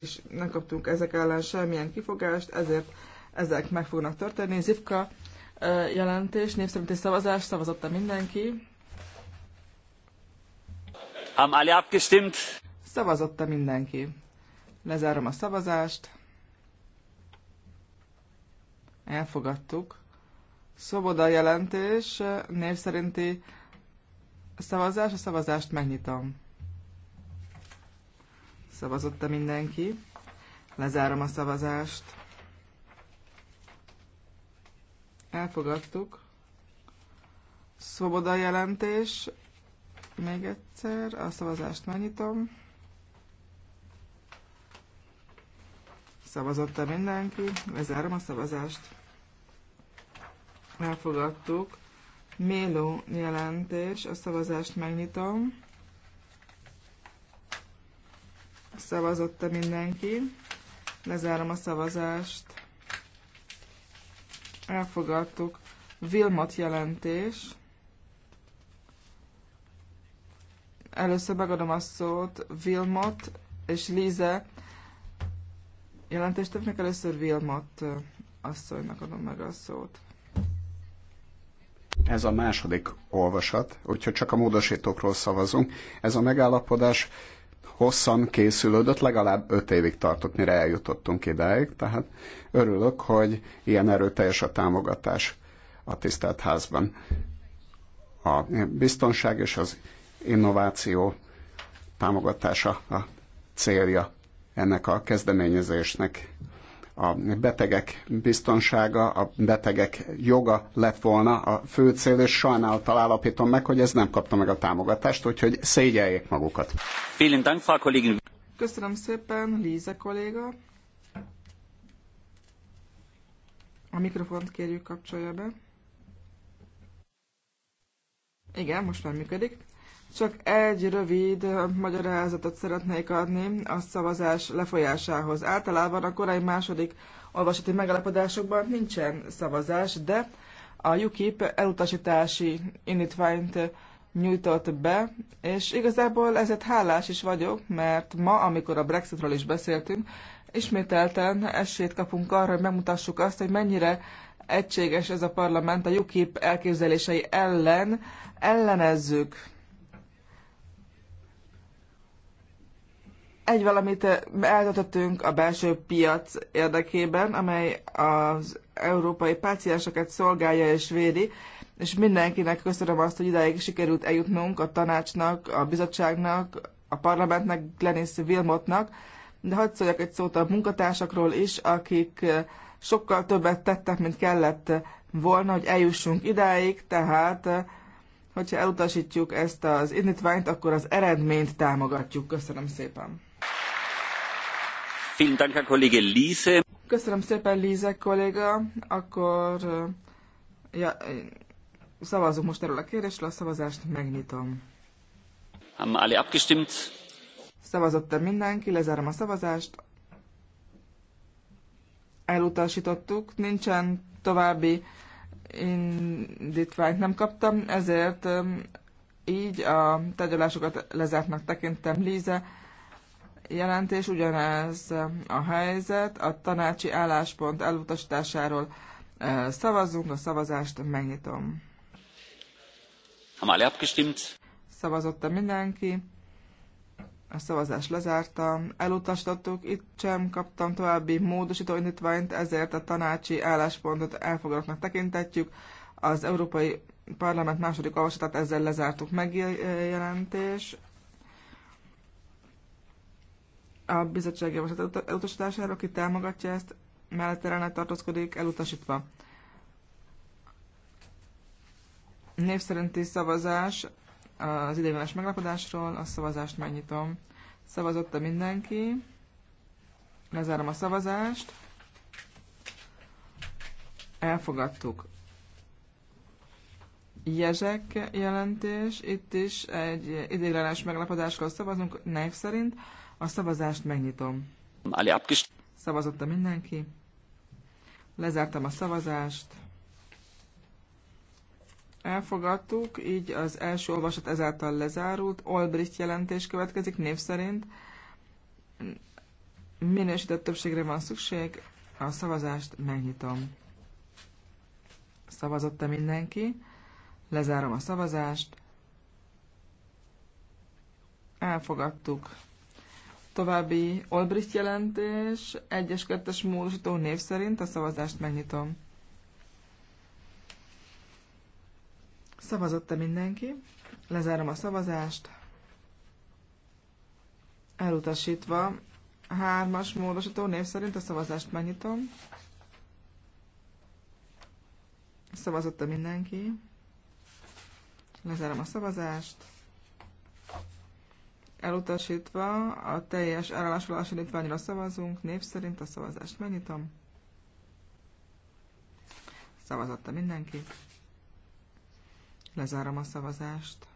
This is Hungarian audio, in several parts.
és nem kaptunk ezek ellen semmilyen kifogást, ezért ezek meg fognak történni. Zivka jelentés, népszerinti szavazás, szavazotta mindenki. Haben alle abgestimmt? Szavazotta mindenki. Lezárom a szavazást. Elfogadtuk. Szoboda jelentés, név szerinti szavazás, a szavazást megnyitom. Szavazott-e mindenki? Lezárom a szavazást. Elfogadtuk. Szoboda jelentés. Még egyszer a szavazást megnyitom. Szavazott-e mindenki? Lezárom a szavazást. Elfogadtuk. Méló jelentés. A szavazást megnyitom. szavazott -e mindenki. Lezárom a szavazást. Elfogadtuk. Vilmot jelentés. Először megadom a szót Vilmot és Líze többnek Először Vilmot asszonynak adom meg a szót. Ez a második olvasat, hogyha csak a módosítókról szavazunk. Ez a megállapodás hosszan készülődött, legalább öt évig tartott, mire eljutottunk ideig, tehát örülök, hogy ilyen erőteljes a támogatás a tisztelt házban. A biztonság és az innováció támogatása a célja ennek a kezdeményezésnek a betegek biztonsága, a betegek joga lett volna a fő cél, és sajnálattal állapítom meg, hogy ez nem kapta meg a támogatást, úgyhogy szégyeljék magukat. Köszönöm szépen, Líze kolléga. A mikrofont kérjük kapcsolja be. Igen, most már működik. Csak egy rövid magyarázatot szeretnék adni a szavazás lefolyásához. Általában a korai második olvasati megalapodásokban nincsen szavazás, de a UKIP elutasítási indítványt nyújtott be, és igazából ezért hálás is vagyok, mert ma, amikor a Brexitről is beszéltünk, ismételten esélyt kapunk arra, hogy megmutassuk azt, hogy mennyire egységes ez a parlament a UKIP elképzelései ellen, ellenezzük egy valamit eh, eltöltöttünk a belső piac érdekében, amely az európai páciensokat szolgálja és védi, és mindenkinek köszönöm azt, hogy ideig sikerült eljutnunk a tanácsnak, a bizottságnak, a parlamentnek, Glenis Wilmotnak, de hadd szóljak egy szót a munkatársakról is, akik eh, sokkal többet tettek, mint kellett volna, hogy eljussunk idáig, tehát eh, hogyha elutasítjuk ezt az indítványt, akkor az eredményt támogatjuk. Köszönöm szépen! Köszönöm szépen, Líze kolléga. Akkor ja, szavazunk most erről a kérdésről, a szavazást megnyitom. Haben alle abgestimmt? Szavazott-e mindenki? Lezárom a szavazást. Elutasítottuk. Nincsen további indítványt nem kaptam, ezért így a tárgyalásokat lezártnak tekintem Líze jelentés, ugyanez a helyzet. A tanácsi álláspont elutasításáról szavazzunk, a szavazást megnyitom. Haben alle abgestimmt? mindenki. A szavazás lezártam, elutasítottuk, itt sem kaptam további módosító indítványt, ezért a tanácsi álláspontot elfogadottnak tekintetjük. Az Európai Parlament második olvasatát ezzel lezártuk megjelentés a bizottság javaslat elutasítására, aki támogatja ezt, mellette ellene tartózkodik, elutasítva. Név szerinti szavazás az ideiglenes meglapodásról, a szavazást megnyitom. -e mindenki. Lezárom a szavazást. Elfogadtuk. Jezsek jelentés, itt is egy ideiglenes meglapodásról szavazunk név szerint. A szavazást megnyitom. Szavazotta mindenki. Lezártam a szavazást. Elfogadtuk, így az első olvasat ezáltal lezárult. Olbricht jelentés következik név szerint. Minősített többségre van szükség. A szavazást megnyitom. Szavazotta mindenki. Lezárom a szavazást. Elfogadtuk további Olbricht jelentés, 1-es, 2-es módosító név szerint a szavazást megnyitom. Szavazott-e mindenki? Lezárom a szavazást. Elutasítva a hármas módosító név szerint a szavazást megnyitom. Szavazott-e mindenki? Lezárom a szavazást. Elutasítva a teljes állásolási indítványra szavazunk, név szerint a szavazást megnyitom. Szavazatta mindenki. Lezárom a szavazást.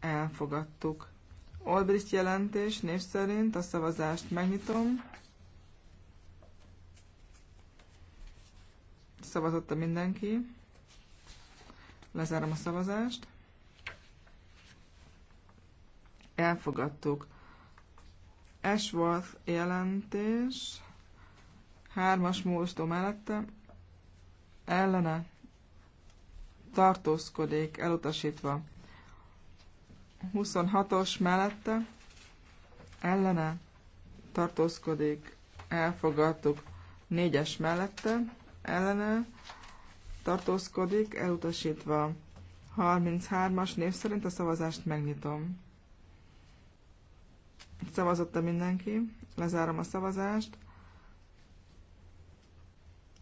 Elfogadtuk. Olbricht jelentés név szerint a szavazást megnyitom. Szavazotta mindenki. Lezárom a szavazást elfogadtuk. Ashworth jelentés, hármas múlstó mellette, ellene tartózkodik, elutasítva. 26-os mellette, ellene tartózkodik, elfogadtuk. 4-es mellette, ellene tartózkodik, elutasítva. 33-as név szerint a szavazást megnyitom. Szavazott-e mindenki? Lezárom a szavazást.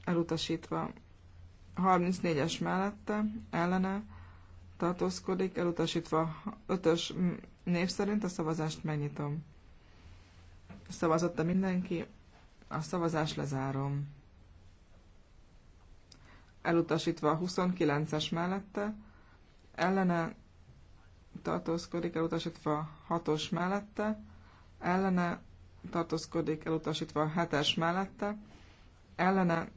Elutasítva. 34-es mellette, ellene tartózkodik, elutasítva 5-ös név szerint a szavazást megnyitom. Szavazott-e mindenki? A szavazást lezárom. Elutasítva a 29-es mellette, ellene tartózkodik, elutasítva 6-os mellette, ellene tartózkodik elutasítva a hetes mellette, ellene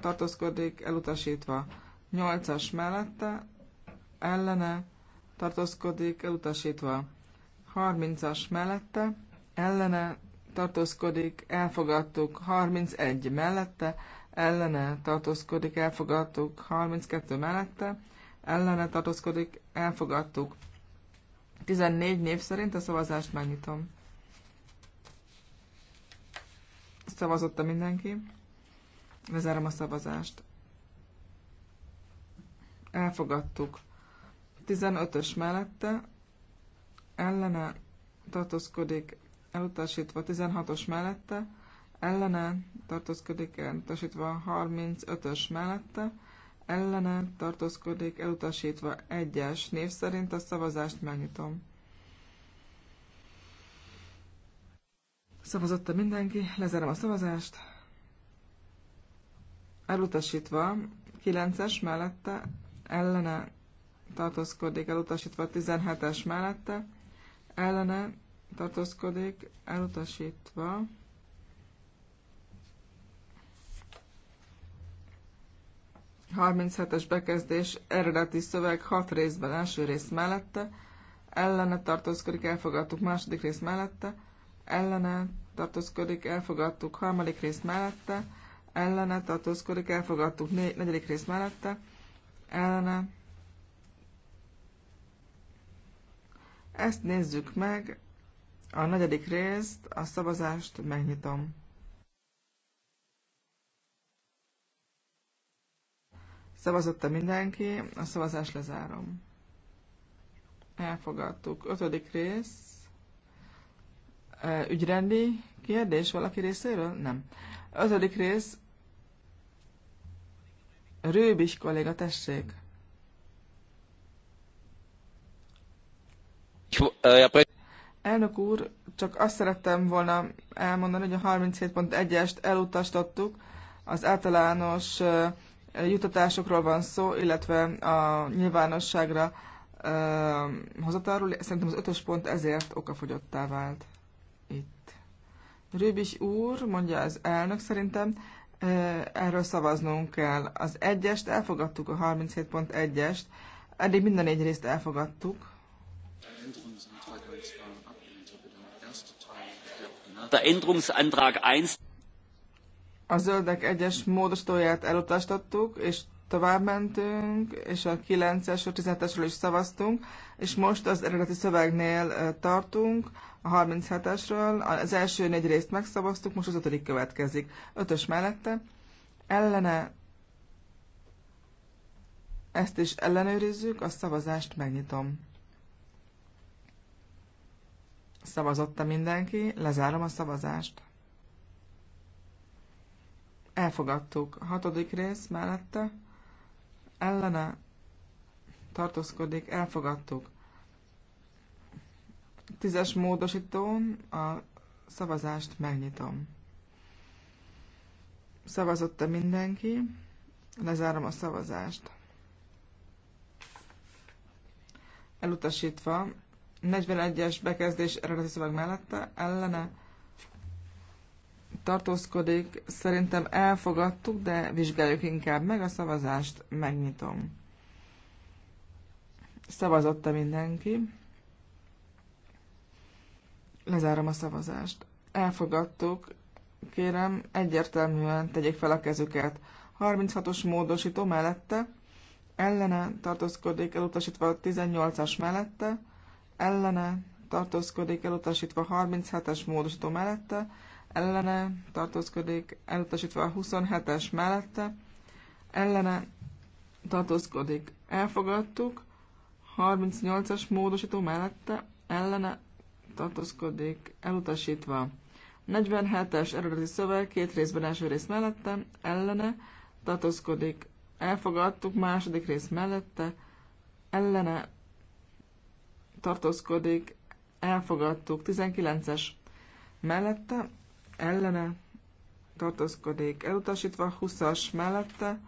tartózkodik elutasítva 8 mellette, ellene tartózkodik elutasítva 30 mellette, ellene tartózkodik, elfogadtuk 31 mellette, ellene tartózkodik, elfogadtuk 32 mellette, ellene tartózkodik, elfogadtuk 14 név szerint a szavazást megnyitom. a mindenki. Lezárom a szavazást. Elfogadtuk. 15-ös mellette ellene tartózkodik elutasítva 16-os mellette, ellene tartózkodik elutasítva 35-ös mellette, ellene tartózkodik elutasítva 1-es név szerint a szavazást megnyitom. Szavazotta mindenki, lezárom a szavazást. Elutasítva, 9-es mellette, ellene tartózkodik, elutasítva 17-es mellette, ellene tartózkodik, elutasítva. es bekezdés, eredeti szöveg, hat részben első rész mellette, ellene tartózkodik, elfogadtuk második rész mellette, ellene tartózkodik, elfogadtuk harmadik rész mellette, ellene tartózkodik, elfogadtuk négy, negyedik rész mellette, ellene. Ezt nézzük meg, a negyedik részt, a szavazást megnyitom. Szavazotta mindenki, a szavazást lezárom. Elfogadtuk. Ötödik rész ügyrendi kérdés valaki részéről? Nem. Ötödik rész. Rőbis kolléga, tessék. Elnök úr, csak azt szerettem volna elmondani, hogy a 37.1-est elutasítottuk, az általános jutatásokról van szó, illetve a nyilvánosságra hozatáról. Szerintem az ötös pont ezért okafogyottá vált. Rübis úr, mondja az elnök, szerintem erről szavaznunk kell. Az egyest elfogadtuk, a 37.1-est, eddig minden négy részt elfogadtuk. Der Änderungsantrag 1. A zöldek egyes módosítóját elutasítottuk, és tovább mentünk, és a 9-es, 17-esről is szavaztunk, és most az eredeti szövegnél tartunk, a 37-esről, az első négy részt megszavaztuk, most az ötödik következik. Ötös mellette, ellene, ezt is ellenőrizzük, a szavazást megnyitom. Szavazotta mindenki, lezárom a szavazást. Elfogadtuk. Hatodik rész mellette ellene tartózkodik, elfogadtuk. Tízes módosítón a szavazást megnyitom. Szavazott-e mindenki? Lezárom a szavazást. Elutasítva 41-es bekezdés eredeti szöveg mellette ellene tartózkodik. Szerintem elfogadtuk, de vizsgáljuk inkább meg a szavazást. Megnyitom. Szavazotta mindenki. Lezárom a szavazást. Elfogadtuk. Kérem, egyértelműen tegyék fel a kezüket. 36-os módosító mellette, ellene tartózkodik elutasítva 18-as mellette, ellene tartózkodik elutasítva 37-es módosító mellette, ellene tartózkodik, elutasítva a 27-es mellette, ellene tartózkodik, elfogadtuk, 38-as módosító mellette, ellene tartózkodik, elutasítva. 47-es eredeti szöveg, két részben első rész mellette, ellene tartózkodik, elfogadtuk, második rész mellette, ellene tartózkodik, elfogadtuk, 19-es mellette, ellene tartózkodik elutasítva, 20-as mellette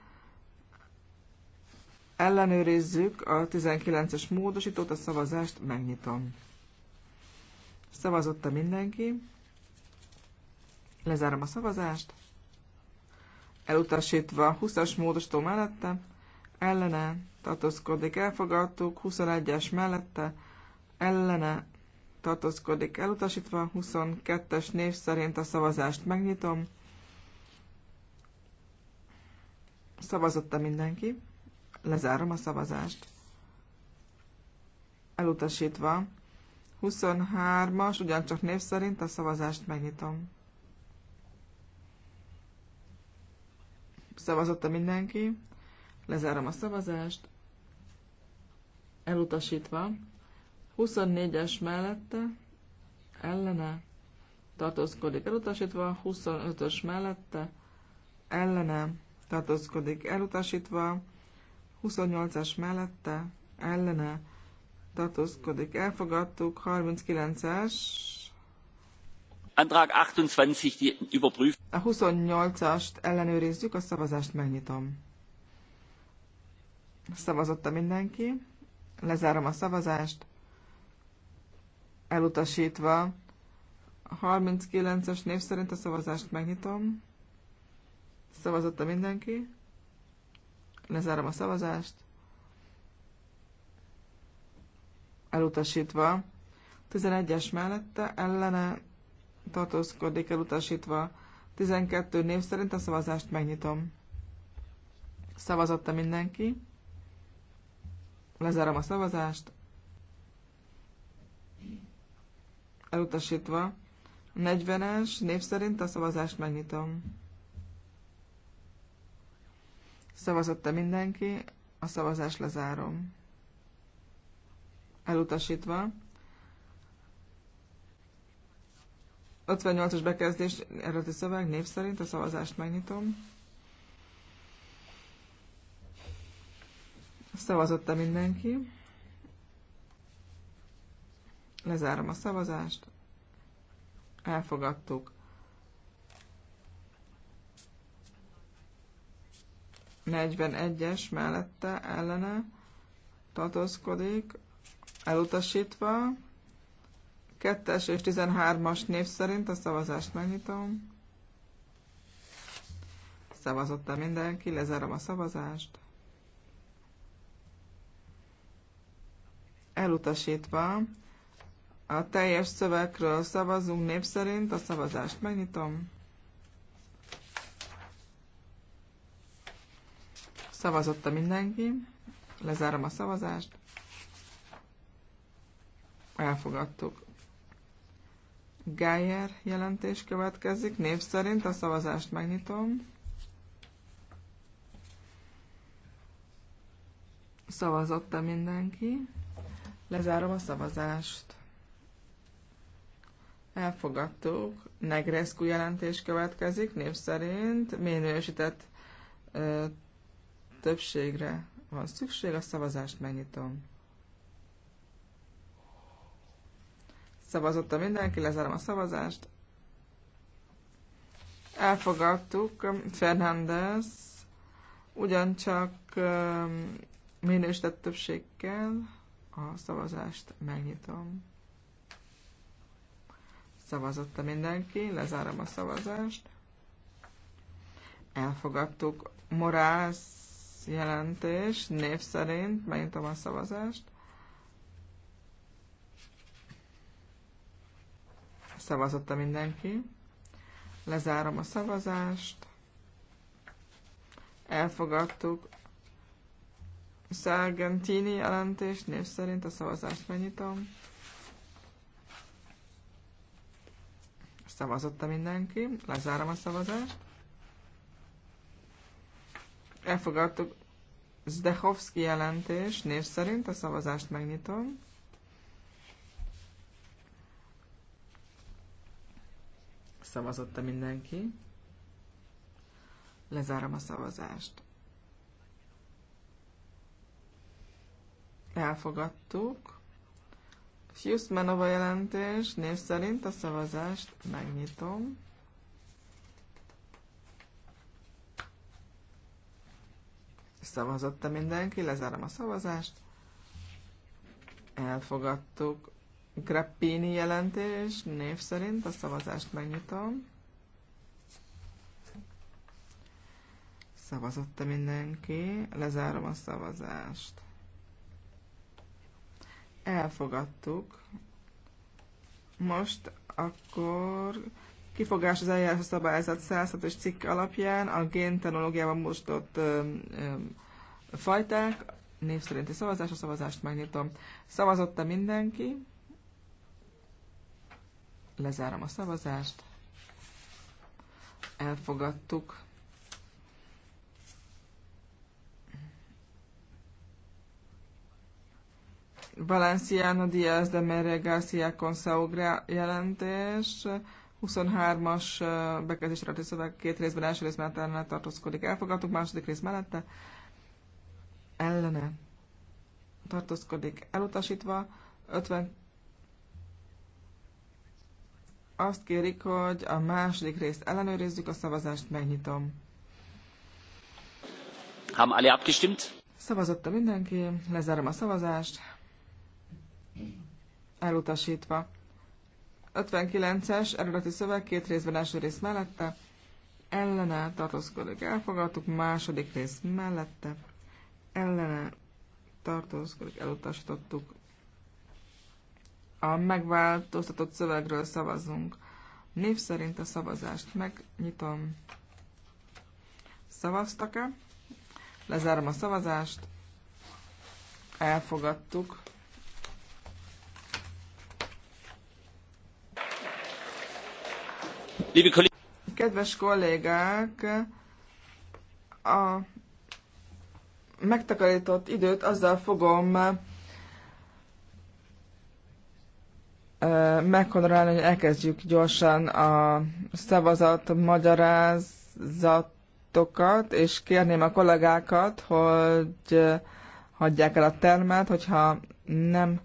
ellenőrizzük a 19-es módosítót, a szavazást megnyitom. Szavazotta mindenki. Lezárom a szavazást. Elutasítva 20-as módosító mellette, ellene tartózkodik, elfogadtuk, 21-es mellette, ellene tartózkodik elutasítva, 22-es név szerint a szavazást megnyitom. Szavazotta mindenki. Lezárom a szavazást. Elutasítva. 23-as, ugyancsak név szerint a szavazást megnyitom. Szavazotta mindenki. Lezárom a szavazást. Elutasítva. 24-es mellette ellene tartózkodik elutasítva, 25-ös mellette ellene tartózkodik elutasítva, 28-as mellette ellene tartózkodik elfogadtuk, 39-es Antrag 28 die überprüft. A 28-ast ellenőrizzük, a szavazást megnyitom. Szavazotta mindenki. Lezárom a szavazást elutasítva. 39-es név szerint a szavazást megnyitom. Szavazotta mindenki. Lezárom a szavazást. Elutasítva. 11-es mellette ellene tartózkodik elutasítva. 12 név szerint a szavazást megnyitom. Szavazotta mindenki. Lezárom a szavazást. elutasítva. 40-es név szerint a szavazást megnyitom. Szavazott-e mindenki? A szavazást lezárom. Elutasítva. 58-as bekezdés eredeti szöveg név szerint a szavazást megnyitom. Szavazott-e mindenki? Lezárom a szavazást. Elfogadtuk. 41-es mellette ellene tartózkodik, elutasítva. 2-es és 13-as név szerint a szavazást megnyitom. Szavazott -e mindenki, lezárom a szavazást. Elutasítva a teljes szövegről szavazunk név szerint. A szavazást megnyitom. Szavazotta mindenki. Lezárom a szavazást. Elfogadtuk. Geyer jelentés következik. Név szerint a szavazást megnyitom. Szavazotta mindenki. Lezárom a szavazást. Elfogadtuk. Negrescu jelentés következik, név szerint minősített ö, többségre van szükség, a szavazást megnyitom. Szavazott a mindenki, lezárom a szavazást. Elfogadtuk Fernández ugyancsak ö, minősített többséggel a szavazást megnyitom a mindenki, lezárom a szavazást. Elfogadtuk Morász jelentés név szerint, megintem a szavazást. a mindenki. Lezárom a szavazást. Elfogadtuk Sargentini jelentés név szerint a szavazást megnyitom. Szavazotta mindenki. Lezárom a szavazást. Elfogadtuk Zdechovski jelentés név szerint. A szavazást megnyitom. -e mindenki. Lezárom a szavazást. Elfogadtuk hughes jelentés név szerint a szavazást megnyitom. Szavazott-e mindenki? Lezárom a szavazást. Elfogadtuk. Grappini jelentés név szerint a szavazást megnyitom. Szavazott-e mindenki? Lezárom a szavazást elfogadtuk. Most akkor kifogás az eljárás szabályzat 106-os cikk alapján a géntenológiában mostott ö, ö, fajták, név szerinti szavazás, a szavazást megnyitom. Szavazotta mindenki. Lezárom a szavazást. Elfogadtuk. Valenciano Diaz de Mere Garcia Consaugra jelentés, 23-as bekezdés rajta szöveg két részben, első rész mellett ellene tartózkodik. Elfogadtuk második rész mellette, ellene tartózkodik elutasítva. 50 azt kérik, hogy a második részt ellenőrizzük, a szavazást megnyitom. Haben alle abgestimmt? Szavazotta mindenki, lezárom a szavazást elutasítva. 59-es eredeti szöveg két részben első rész mellette, ellene tartózkodik, elfogadtuk, második rész mellette, ellene tartózkodik, elutasítottuk. A megváltoztatott szövegről szavazunk. Név szerint a szavazást megnyitom. Szavaztak-e? Lezárom a szavazást. Elfogadtuk. Kedves kollégák, a megtakarított időt azzal fogom meghonorálni, hogy elkezdjük gyorsan a szavazat magyarázatokat, és kérném a kollégákat, hogy hagyják el a termet, hogyha nem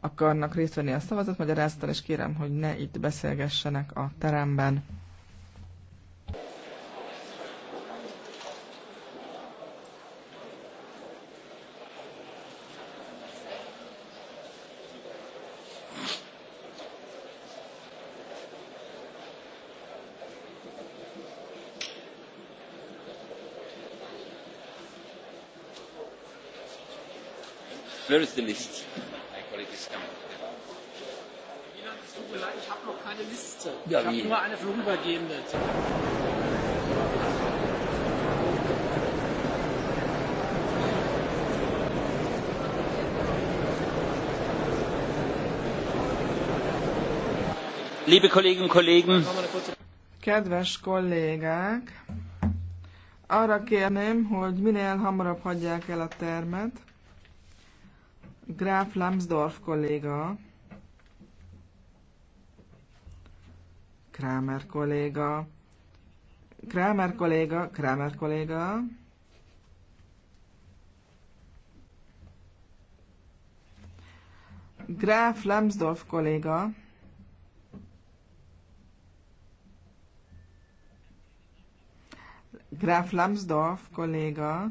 akarnak részt venni a szavazat, magyaráztal, és kérem, hogy ne itt beszélgessenek a teremben. Where is the list? noch keine Liste. Ja, ich habe nur eine vorübergehende. Liebe Kolleginnen und Kollegen, Kedves kollégák, arra kérném, hogy minél hamarabb hagyják el a termet. Graf Lambsdorff kolléga Kramer kolléga. Kramer kolléga, Kramer kolléga. Graf Lemsdorf kolléga. Graf Lambsdorff kolléga.